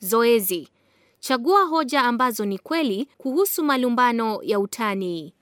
Zoezi: chagua hoja ambazo ni kweli kuhusu malumbano ya utani.